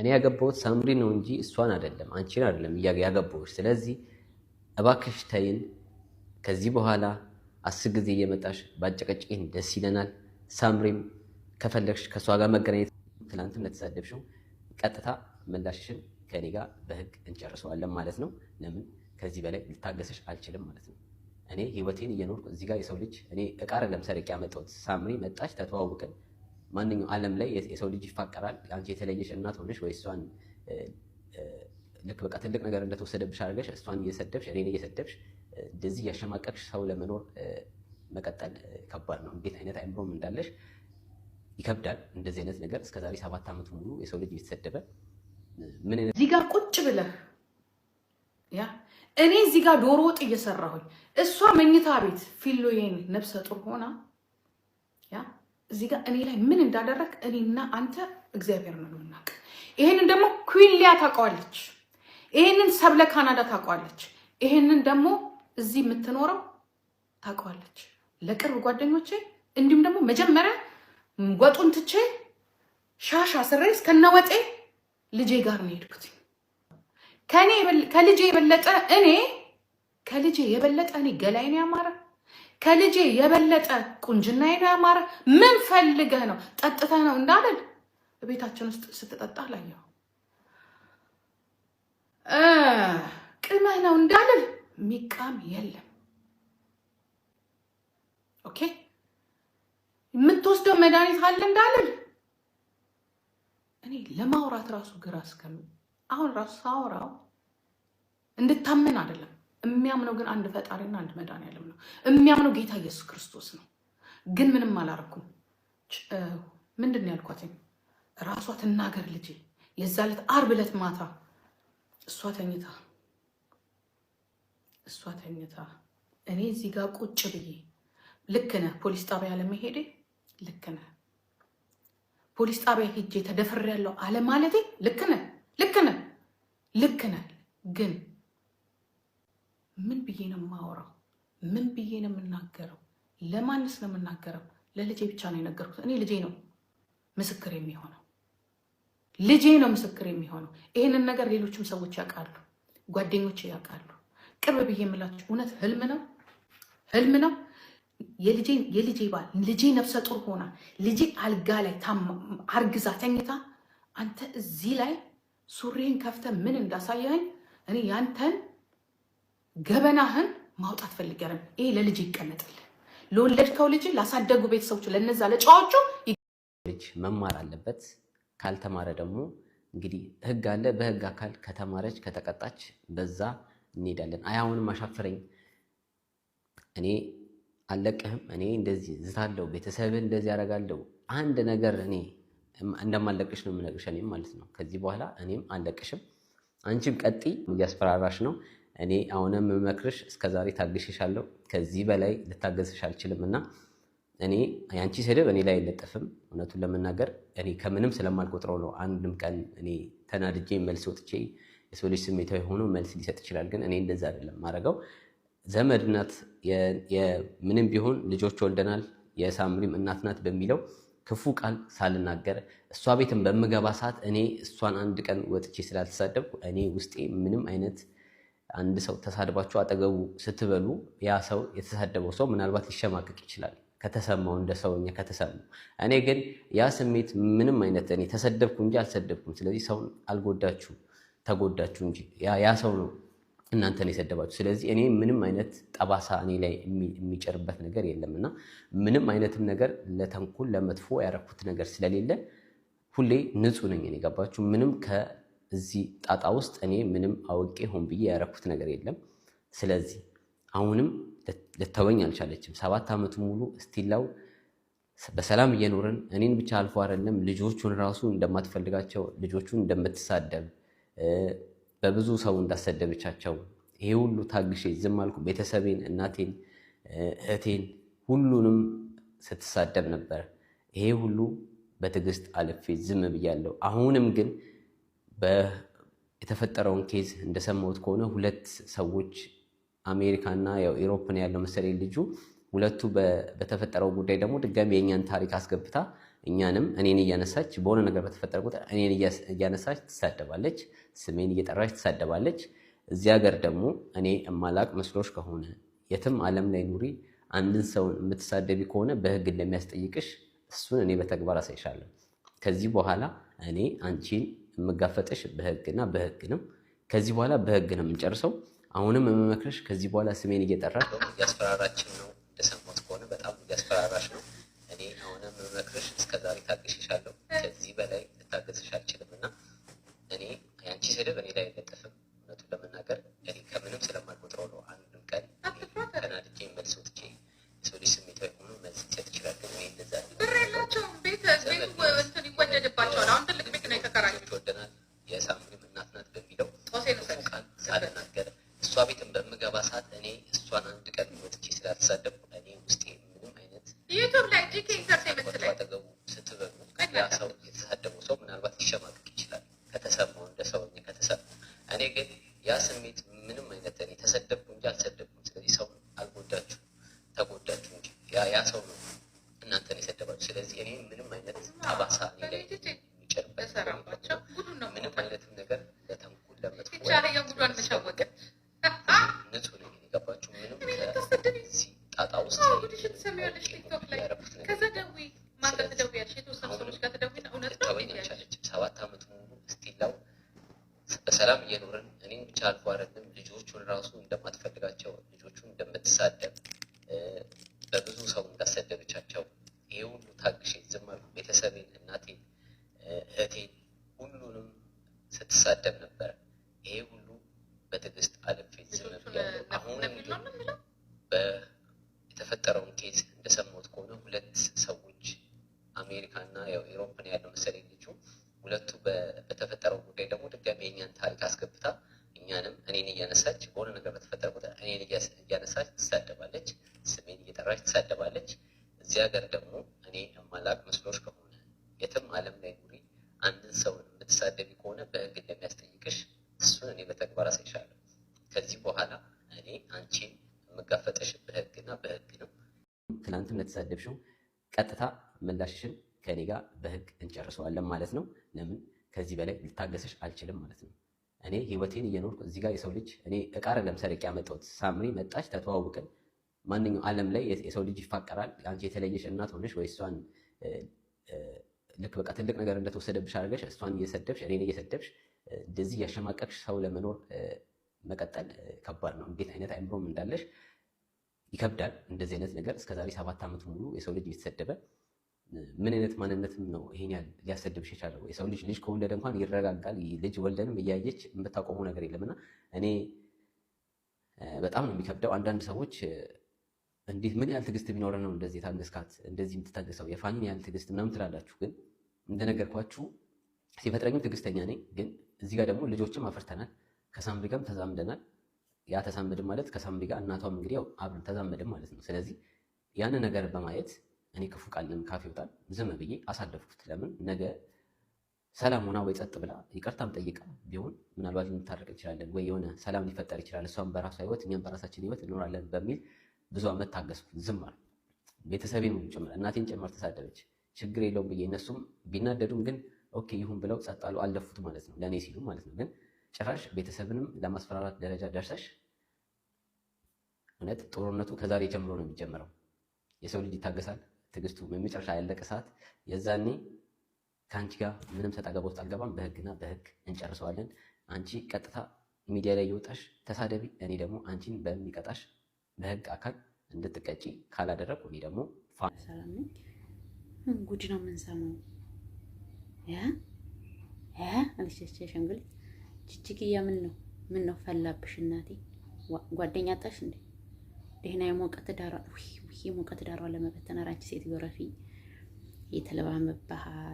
እኔ ያገባሁት ሳምሪ ነው እንጂ እሷን አይደለም፣ አንቺን አይደለም ያገባሁሽ። ስለዚህ እባክሽ ተይን። ከዚህ በኋላ አስር ጊዜ እየመጣሽ ባጨቀጭቅን ደስ ይለናል። ሳምሪም ከፈለግሽ ከእሷ ጋር መገናኘት ትናንትም ለተሳደብሽው ቀጥታ ምላሽሽን ከኔ ጋር በህግ እንጨርሰዋለን ማለት ነው። ለምን ከዚህ በላይ ልታገሰሽ አልችልም ማለት ነው። እኔ ህይወቴን እየኖርኩ እዚህ ጋር የሰው ልጅ እኔ እቃ አይደለም ሰርቄ ያመጣሁት። ሳምሪ መጣች፣ ተተዋውቅን ማንኛው ዓለም ላይ የሰው ልጅ ይፋቀራል። አንቺ የተለየሽ እናት ሆነሽ ወይ እሷን ልክ በቃ ትልቅ ነገር እንደተወሰደብሽ አድርገሽ እሷን እየሰደብሽ እኔን እየሰደብሽ እንደዚህ እያሸማቀቅሽ ሰው ለመኖር መቀጠል ከባድ ነው። እንዴት አይነት አይምሮም እንዳለሽ ይከብዳል። እንደዚህ አይነት ነገር እስከዛሬ ሰባት ዓመት ሙሉ የሰው ልጅ እየተሰደበ ምን እዚህ ጋር ቁጭ ብለህ ያ እኔ እዚህ ጋር ዶሮ ወጥ እየሰራሁኝ እሷ መኝታ ቤት ፊሎዬን ነብሰ ጡር ሆና ያ እዚህ ጋር እኔ ላይ ምን እንዳደረግ እኔና አንተ እግዚአብሔር ነው የምናውቅ። ይሄንን ደግሞ ሊያ ታውቀዋለች። ይሄንን ሰብለ ካናዳ ታውቀዋለች። ይሄንን ደግሞ እዚህ የምትኖረው ታውቀዋለች። ለቅርብ ጓደኞቼ እንዲሁም ደግሞ መጀመሪያ ወጡን ትቼ ሻሽ አስሬ እስከነ ወጤ ልጄ ጋር ነው የሄድኩት። ከልጄ የበለጠ እኔ ከልጄ የበለጠ እኔ ገላይን ያማረ ከልጄ የበለጠ ቁንጅና ያማረ ምን ፈልገህ ነው? ጠጥተህ ነው እንዳልል ቤታችን ውስጥ ስትጠጣ ላየው ቅመህ ነው እንዳልል ሚቃም የለም። ኦኬ የምትወስደው መድኃኒት አለ እንዳልል እኔ ለማውራት ራሱ ግራ እስከሚ አሁን ራሱ ሳውራው እንድታምን አይደለም የሚያምነው ግን አንድ ፈጣሪና አንድ መድኃኒዓለም ነው። የሚያምነው ጌታ ኢየሱስ ክርስቶስ ነው። ግን ምንም አላረኩም። ምንድን ነው ያልኳትኝ? ራሷ ትናገር ልጅ የዛ ዕለት ዓርብ ዕለት ማታ እሷ ተኝታ እሷ ተኝታ እኔ እዚህ ጋር ቁጭ ብዬ ልክ ነህ ፖሊስ ጣቢያ አለመሄዴ ልክ ነህ ፖሊስ ጣቢያ ሄጄ ተደፍሬያለሁ አለ ማለቴ ልክ ነህ ልክ ነህ ልክ ነህ ግን ምን ብዬ ነው የማወራው? ምን ብዬ ነው የምናገረው? ለማንስ ነው የምናገረው? ለልጄ ብቻ ነው የነገርኩት። እኔ ልጄ ነው ምስክር የሚሆነው፣ ልጄ ነው ምስክር የሚሆነው። ይህንን ነገር ሌሎችም ሰዎች ያውቃሉ፣ ጓደኞች ያውቃሉ። ቅርብ ብዬ የምላችሁ እውነት ህልም ነው ህልም ነው። የልጄ ባል ልጄ ነፍሰ ጡር ሆና ልጄ አልጋ ላይ አርግዛ ተኝታ አንተ እዚህ ላይ ሱሪህን ከፍተ ምን እንዳሳየኸኝ እኔ ያንተን ገበናህን ማውጣት ፈልገረ ይሄ ለልጅ ይቀመጥል። ለወለድከው ልጅ ላሳደጉ ቤተሰቦች ለነዛ ለጫዎቹ ልጅ መማር አለበት። ካልተማረ ደግሞ እንግዲህ ህግ አለ። በህግ አካል ከተማረች ከተቀጣች በዛ እንሄዳለን። አይ አሁንም አሻፍረኝ፣ እኔ አልለቅህም፣ እኔ እንደዚህ ዝታለው፣ ቤተሰብን እንደዚህ ያደርጋለው፣ አንድ ነገር እኔ እንደማለቅሽ ነው የምነግርሽ፣ እኔም ማለት ነው ከዚህ በኋላ እኔም አልለቅሽም፣ አንቺም ቀጥይ እያስፈራራሽ ነው እኔ አሁንም መክርሽ እስከዛሬ ታግሼሻለሁ። ከዚህ በላይ ልታገዝሽ አልችልም እና እኔ ያንቺ ስድብ እኔ ላይ አይለጠፍም። እውነቱን ለመናገር እኔ ከምንም ስለማልቆጥረው ነው። አንድም ቀን እኔ ተናድጄ መልስ ወጥቼ የሰው ልጅ ስሜታዊ ሆኖ መልስ ሊሰጥ ይችላል። ግን እኔ እንደዛ አይደለም ማድረገው። ዘመድ ናት፣ ምንም ቢሆን ልጆች ወልደናል፣ የሳምሪም እናት ናት በሚለው ክፉ ቃል ሳልናገር እሷ ቤትን በምገባ ሰዓት እኔ እሷን አንድ ቀን ወጥቼ ስላልተሳደብኩ እኔ ውስጤ ምንም አይነት አንድ ሰው ተሳድባችሁ አጠገቡ ስትበሉ ያ ሰው የተሳደበው ሰው ምናልባት ሊሸማቀቅ ይችላል፣ ከተሰማው እንደ ሰውኛ ከተሰማው። እኔ ግን ያ ስሜት ምንም አይነት እኔ ተሰደብኩ እንጂ አልሰደብኩም፣ ስለዚህ ሰውን አልጎዳችሁ፣ ተጎዳችሁ እንጂ ያ ሰው ነው እናንተን የሰደባችሁ። ስለዚህ እኔ ምንም አይነት ጠባሳ እኔ ላይ የሚጨርበት ነገር የለም እና ምንም አይነትም ነገር ለተንኮል ለመጥፎ ያረኩት ነገር ስለሌለ ሁሌ ንጹህ ነኝ። የገባችሁ ምንም እዚህ ጣጣ ውስጥ እኔ ምንም አውቄ ሆን ብዬ ያረኩት ነገር የለም። ስለዚህ አሁንም ልተወኝ አልቻለችም። ሰባት ዓመቱ ሙሉ እስቲላው በሰላም እየኖረን እኔን ብቻ አልፎ አይደለም ልጆቹን ራሱ እንደማትፈልጋቸው ልጆቹን እንደምትሳደብ በብዙ ሰው እንዳሰደበቻቸው ይሄ ሁሉ ታግሼ ዝም አልኩ። ቤተሰቤን፣ እናቴን፣ እህቴን ሁሉንም ስትሳደብ ነበር። ይሄ ሁሉ በትዕግስት አልፌ ዝም ብያለሁ። አሁንም ግን የተፈጠረውን ኬዝ እንደሰማሁት ከሆነ ሁለት ሰዎች አሜሪካና ያው ኢሮፕ ያለው መሰለኝ ልጁ። ሁለቱ በተፈጠረው ጉዳይ ደግሞ ድጋሚ የእኛን ታሪክ አስገብታ እኛንም እኔን እያነሳች በሆነ ነገር በተፈጠረ ቁጥር እኔን እያነሳች ትሳደባለች፣ ስሜን እየጠራች ትሳደባለች። እዚህ ሀገር ደግሞ እኔ እማላቅ መስሎች ከሆነ የትም ዓለም ላይ ኑሪ አንድን ሰው የምትሳደቢ ከሆነ በህግ እንደሚያስጠይቅሽ እሱን እኔ በተግባር አሳይሻለሁ። ከዚህ በኋላ እኔ አንቺን የምጋፈጠሽ በህግና በህግ ነው። ከዚህ በኋላ በህግ ነው የምንጨርሰው። አሁንም የምመክረሽ ከዚህ በኋላ ስሜን እየጠራ እያስፈራራችን ነው። እንደሰማሁት ከሆነ በጣም እያስፈራራሽ ነው። እኔ አሁንም የምመክረሽ ጉድሽን ትሰሚያለሽ ቲክቶክ ላይ። ከዛ ደውይ ማንቀል ትደውያለሽ፣ የተወሰኑ ሰዎች ጋር ትደውይና እውነት ነው ያለች ሰባት ዓመት ሙሉ እስቲላው በሰላም እየኖርን እኔም ብቻ አልፎ አይደለም ልጆቹን ራሱ እንደማትፈልጋቸው ልጆቹን እንደምትሳደብ በብዙ ሰው እንዳሰደበቻቸው ይሄ ሁሉ ታግሼ ዝም ቤተሰቤን፣ እናቴን፣ እህቴን ሁሉንም ስትሳደብ ነበር። ይሄ ሁሉ በትዕግስት አለ ከሆነ በህግ እንደሚያስጠይቅሽ እሱን እኔ በተግባር አሳይሻለሁ። ከዚህ በኋላ እኔ አንቺን የምጋፈጠሽ በህግና በህግ ነው። ትናንትም ለተሳደብሽው ቀጥታ ምላሽሽን ከኔ ጋር በህግ እንጨርሰዋለን ማለት ነው። ለምን ከዚህ በላይ ልታገሰሽ አልችልም ማለት ነው። እኔ ህይወቴን እየኖርኩ እዚህ ጋር የሰው ልጅ እኔ እቃ አይደለም ሰርቄ ያመጣሁት። ሳምሪ መጣች፣ ተተዋውቅን። ማንኛው ዓለም ላይ የሰው ልጅ ይፋቀራል። አንቺ የተለየሽ እናት ሆነሽ ወይ እሷን ልክ በቃ ትልቅ ነገር እንደተወሰደብሽ አድርገሽ እሷን እየሰደብሽ እኔን እየሰደብሽ እንደዚህ እያሸማቀቅሽ ሰው ለመኖር መቀጠል ከባድ ነው። እንዴት አይነት አይምሮም እንዳለሽ ይከብዳል። እንደዚህ አይነት ነገር እስከዛሬ ሰባት ዓመት ሙሉ የሰው ልጅ እየተሰደበ ምን አይነት ማንነትም ነው ይሄን ያህል ሊያሰድብሽ የቻለው? የሰው ልጅ ልጅ ከወለደ እንኳን ይረጋጋል። ልጅ ወልደንም እያየች የምታቆመው ነገር የለምና እኔ በጣም ነው የሚከብደው አንዳንድ ሰዎች እንዴት ምን ያህል ትግስት ቢኖረ ነው እንደዚህ የታገስካት እንደዚህ የምትታገሰው የፋኒን ያህል ትግስት ምናምን ትላላችሁ። ግን እንደነገርኳችሁ ሲፈጥረኝም ትግስተኛ ነኝ። ግን እዚህ ጋር ደግሞ ልጆችም አፍርተናል፣ ከሳምሪ ጋርም ተዛምደናል። ያ ተዛመድን ማለት ከሳምሪ ጋር እናቷም እንግዲህ ያው አብረን ተዛመድን ማለት ነው። ስለዚህ ያንን ነገር በማየት እኔ ክፉ ቃልን ካፍ ይወጣል ዝም ብዬ አሳለፍኩት። ለምን ነገ ሰላም ሆና ወይ ጸጥ ብላ ይቅርታም ጠይቃ ቢሆን ምናልባት ልንታረቅ እንችላለን፣ ወይ የሆነ ሰላም ሊፈጠር ይችላል። እሷም በራሷ ህይወት እኛም በራሳችን ህይወት እንኖራለን በሚል ብዙ ዓመት ታገስኩ፣ ዝም አልኩ። ቤተሰቤን ጭምር እናቴን ጭምር ተሳደበች። ችግር የለውም ብዬ እነሱም ቢናደዱም ግን ኦኬ ይሁን ብለው ጸጥ አሉ፣ አለፉት ማለት ነው፣ ለእኔ ሲሉ ማለት ነው። ግን ጭራሽ ቤተሰብንም ለማስፈራራት ደረጃ ደርሰሽ እውነት ጦርነቱ ከዛሬ ጀምሮ ነው የሚጀምረው። የሰው ልጅ ይታገሳል፣ ትዕግስቱ መጨረሻ ያለቀ ሰዓት የዛኔ ከአንቺ ጋር ምንም ሰጣገባ ውስጥ አልገባም፣ በህግና በህግ እንጨርሰዋለን። አንቺ ቀጥታ ሚዲያ ላይ የወጣሽ ተሳደቢ፣ እኔ ደግሞ አንቺን በሚቀጣሽ በህግ አካል እንድትቀጪ ካላደረግ ወይ ደግሞ ሰላም ነኝ። ምን ጉድ ነው የምንሰማው? አለች አሻንጉሊት ጅጅግያ። ምን ነው ምን ነው ፈላብሽ እናቴ? ጓደኛ አጣሽ እንዴ? ደህና የሞቀ ትዳሯ የሞቀ ትዳሯ ለመበተን አራች ሴት ሴትዮ የተለባመባ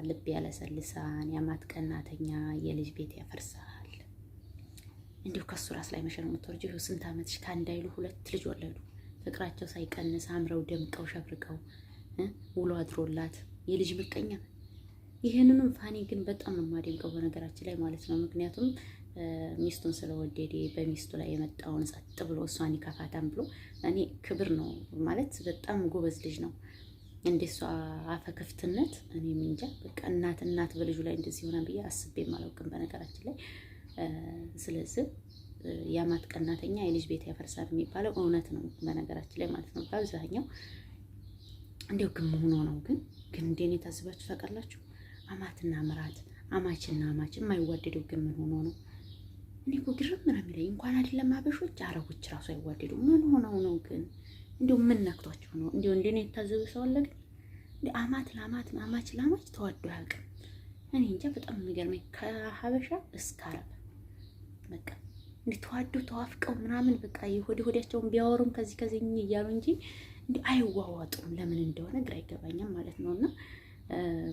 ልብ ያለሰልሳን ያማትቀናተኛ የልጅ ቤት ያፈርሳል እንዲሁ ከሱ ራስ ላይ መሸር ነው የምትወርጂው። ይኸው ስንት ዓመትሽ ከአንድ አይሉ ሁለት ልጅ ወለዱ። ፍቅራቸው ሳይቀንስ አምረው ደምቀው ሸብርቀው ውሎ አድሮላት የልጅ ምቀኛ። ይህንንም ፋኒ ግን በጣም ነው የማደንቀው በነገራችን ላይ ማለት ነው። ምክንያቱም ሚስቱን ስለወደደ በሚስቱ ላይ የመጣውን ጸጥ ብሎ እሷን ይከፋታም ብሎ እኔ ክብር ነው ማለት በጣም ጎበዝ ልጅ ነው። እንደ እሷ ክፍትነት እኔ ምንጃ በቃ እናት እናት በልጁ ላይ እንደዚህ ሆና ብዬ አስቤም አላውቅም በነገራችን ላይ ስለዚህ የአማት ቀናተኛ የልጅ ቤት ያፈርሳል የሚባለው እውነት ነው፣ በነገራችን ላይ ማለት ነው። በአብዛኛው እንዲያው ግን መሆኖ ነው። ግን ግን እንደኔ የታስባችሁ ታውቃላችሁ? አማትና ምራት፣ አማችና አማች የማይዋደደው ግን ምን ሆኖ ነው? እኔ እኮ ግርም ነው የሚለኝ። እንኳን አይደለም አበሾች፣ አረቦች ራሱ አይዋደዱ። ምን ሆነው ነው ግን? እንዲሁ ምን ነክቷቸው ነው? እንዲሁ እንደኔ የታዘበ ሰው አለ ግን እንዲሁ አማት ለአማት አማች ለአማች ተዋዶ አያውቅም። እኔ እንጃ፣ በጣም የሚገርመኝ ከሀበሻ እስከ አረብ በቃ እንዲተዋዱ ተዋፍቀው ምናምን በቃ የሆድ ሆዳቸውን ቢያወሩም ከዚህ ከዚህ እያሉ እንጂ እንዲ አይዋዋጡም። ለምን እንደሆነ ግራ አይገባኝም ማለት ነው። እና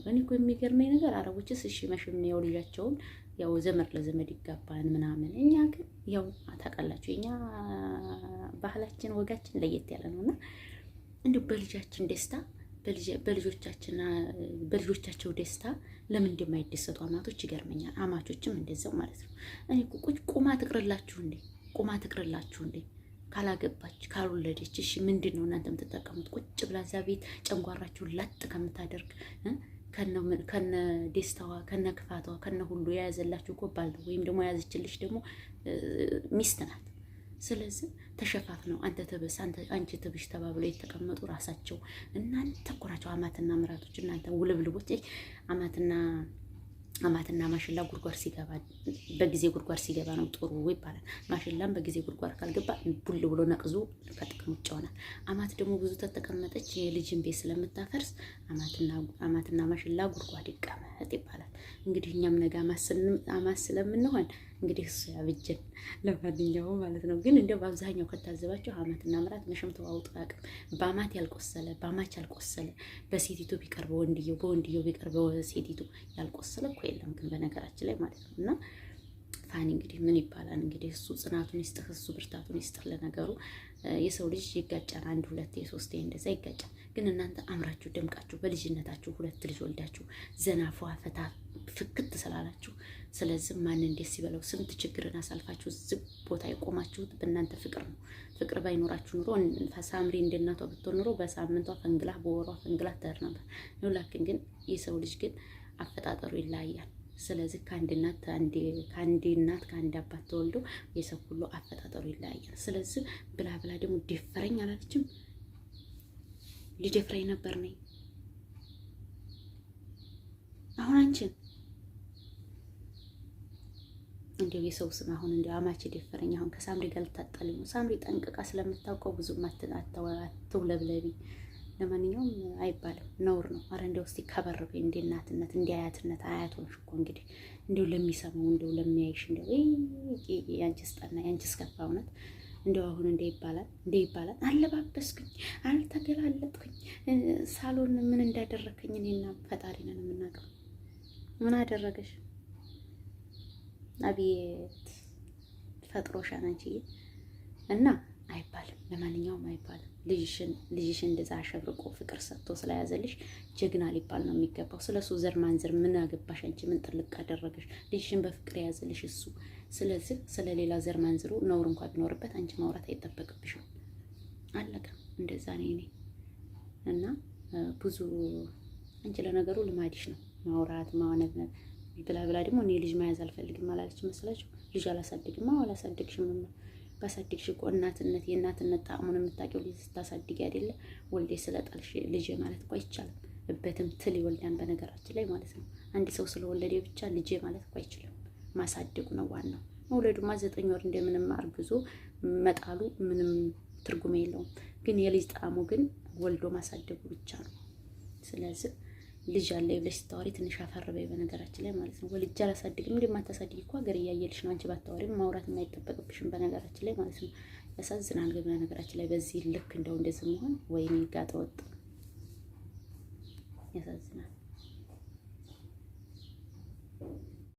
እኔ እኮ የሚገርመኝ ነገር አረቦችስ እሺ መሽም ያው ልጃቸውን ያው ዘመድ ለዘመድ ይጋባን ምናምን፣ እኛ ግን ያው ታውቃላችሁ እኛ ባህላችን ወጋችን ለየት ያለ ነው እና እንዲሁ በልጃችን ደስታ በልጆቻቸው ደስታ ለምን እንደማይደሰቱ አማቶች ይገርመኛል። አማቾችም እንደዛው ማለት ነው። እኔ ቁጭ ቁማ ትቅርላችሁ እንዴ? ቁማ ትቅርላችሁ እንዴ? ካላገባች ካልወለደች፣ እሺ ምንድን ነው እናንተ የምትጠቀሙት? ቁጭ ብላ እዛ ቤት ጨንጓራችሁን ላጥ ከምታደርግ ከነ ደስታዋ ከነ ክፋቷ ከነ ሁሉ የያዘላችሁ እኮ ባል ወይም ደግሞ የያዘችልሽ ደግሞ ሚስት ናት። ስለዚህ ተሸፋፍ ነው። አንተ ተበስ አንቺ ትብሽ ተባብለው የተቀመጡ ራሳቸው እናንተ ኮራቸው አማትና ምራቶች እናንተ ውልብልቦች አማትና አማትና ማሽላ ጉድጓድ ሲገባ በጊዜ ጉድጓድ ሲገባ ነው ጥሩ ይባላል። ማሽላም በጊዜ ጉድጓድ ካልገባ ቡል ብሎ ነቅዞ ከጥቅም ውጭ ይሆናል። አማት ደግሞ ብዙ ተተቀመጠች የልጅን ቤት ስለምታፈርስ አማትና ማሽላ ጉድጓድ ይቀመጥ ይባላል። እንግዲህ እኛም ነገ አማት ስለምንሆን እንግዲህ እሱ ያብጀን። ለማንኛውም ማለት ነው ግን እንደው በአብዛኛው ከታዘባቸው አመትና ምራት መሸም ተዋውጡ አቅም በአማት ያልቆሰለ በአማች ያልቆሰለ በሴቲቱ ቢቀርበ ወንድየው በወንድየው ቢቀርበ ሴቲቱ ያልቆሰለ እኮ የለም። ግን በነገራችን ላይ ማለት ነው እና ፋኒ እንግዲህ ምን ይባላል እንግዲህ እሱ ጽናቱን ይስጥህ፣ እሱ ብርታቱን ይስጥህ። ለነገሩ የሰው ልጅ ይጋጫል፣ አንድ ሁለት የሶስት እንደዛ ይጋጫል። ግን እናንተ አምራችሁ ደምቃችሁ በልጅነታችሁ ሁለት ልጅ ወልዳችሁ ዘና ፈታ ፍክት ስላላችሁ ስለዚህ ማን እንዴት ሲበለው ስንት ችግርን አሳልፋችሁ ዝብ ቦታ የቆማችሁት በእናንተ ፍቅር ነው። ፍቅር ባይኖራችሁ ኑሮ ሳምሪ እንደናቷ ብትሆን ኑሮ በሳምንቷ ፈንግላ፣ በወሯ ፈንግላ ተር ነበር። ኑላክን ግን የሰው ልጅ ግን አፈጣጠሩ ይለያያል። ስለዚህ ከአንድ እናት ከአንድ እናት ከአንድ አባት ተወልዶ የሰው ሁሉ አፈጣጠሩ ይለያያል። ስለዚህ ብላ ብላ ደግሞ ደፈረኝ አላለችም። ልደፍረኝ ነበር ነኝ አሁን አንቺን እንዲሁ የሰው ስም አሁን እንዲ አማች ደፈረኝ። አሁን ከሳምሪ ጋር ልታጣልኝ ነው። ሳምሪ ጠንቅቃ ስለምታውቀው ብዙ አትውለብለቢ። ለማንኛውም አይባልም፣ ነውር ነው። አረ እንዲ ውስጥ ከበር በይ እንደ እናትነት እንደ አያትነት አያት ሆንሽ እኮ እንግዲህ እንዲሁ ለሚሰማው እንዲሁ ለሚያይሽ እንዲ ያንቺስ ጠና ያንቺስ ከፋ እውነት እንዲ አሁን እንደ ይባላል እንደ ይባላል አለባበስኩኝ፣ አልተገላለጥኩኝ፣ ሳሎን ምን እንዳደረከኝ እኔና ፈጣሪ ነን የምናውቀው። ምን አደረገሽ? አቤት ፈጥሮሻ ናችዬ እና አይባልም፣ ለማንኛውም አይባልም። ልጅሽን ልጅሽን እንደዛ አሸብርቆ ፍቅር ሰጥቶ ስለያዘልሽ ጀግና ሊባል ነው የሚገባው። ስለሱ ዘር ማንዘር ምን አገባሽ አንቺ? ምን ጥልቅ አደረገሽ? ልጅሽን በፍቅር የያዘልሽ እሱ። ስለዚህ ስለሌላ ዘር ማንዝሩ ነውር እንኳ ቢኖርበት አንቺ ማውራት አይጠበቅብሽም። አለቀ። እንደዛ ነው እኔ እና ብዙ አንቺ ለነገሩ ልማድሽ ነው ማውራት ማነብነብ ብላ ብላ ደግሞ እኔ ልጅ መያዝ አልፈልግም አላለች መሰላችሁ? ልጅ አላሳድግማ አላሳድግሽም ነው ባሳድግሽ እኮ እናትነት የእናትነት ጣዕሙን የምታውቂው ልጅ ስታሳድግ አይደለ ወልዴ ስለጣልሽ ልጅ ማለት እኮ አይቻልም። እበትም ትል ይወልዳን በነገራችን ላይ ማለት ነው። አንድ ሰው ስለወለደ ብቻ ልጅ ማለት እኮ አይችልም። ማሳደጉ ነው ዋናው። መውለዱማ ዘጠኝ ወር እንደምንም አርግዞ መጣሉ ምንም ትርጉም የለውም። ግን የልጅ ጣዕሙ ግን ወልዶ ማሳደጉ ብቻ ነው። ስለዚህ ልጅ አለ ብለሽ ስታወሪ ትንሽ አፈር በይ። በነገራችን ላይ ማለት ነው ወልጅ አላሳድግም። እንደ ማታሳድግ እኮ ሀገር እያየልሽ ነው። አንቺ ባታወሪም ማውራት የማይጠበቅብሽም በነገራችን ላይ ማለት ነው። ያሳዝናል። ግን በነገራችን ላይ በዚህ ልክ እንደው እንደዚህ መሆን ወይኔ ጋጠወጥ ያሳዝናል።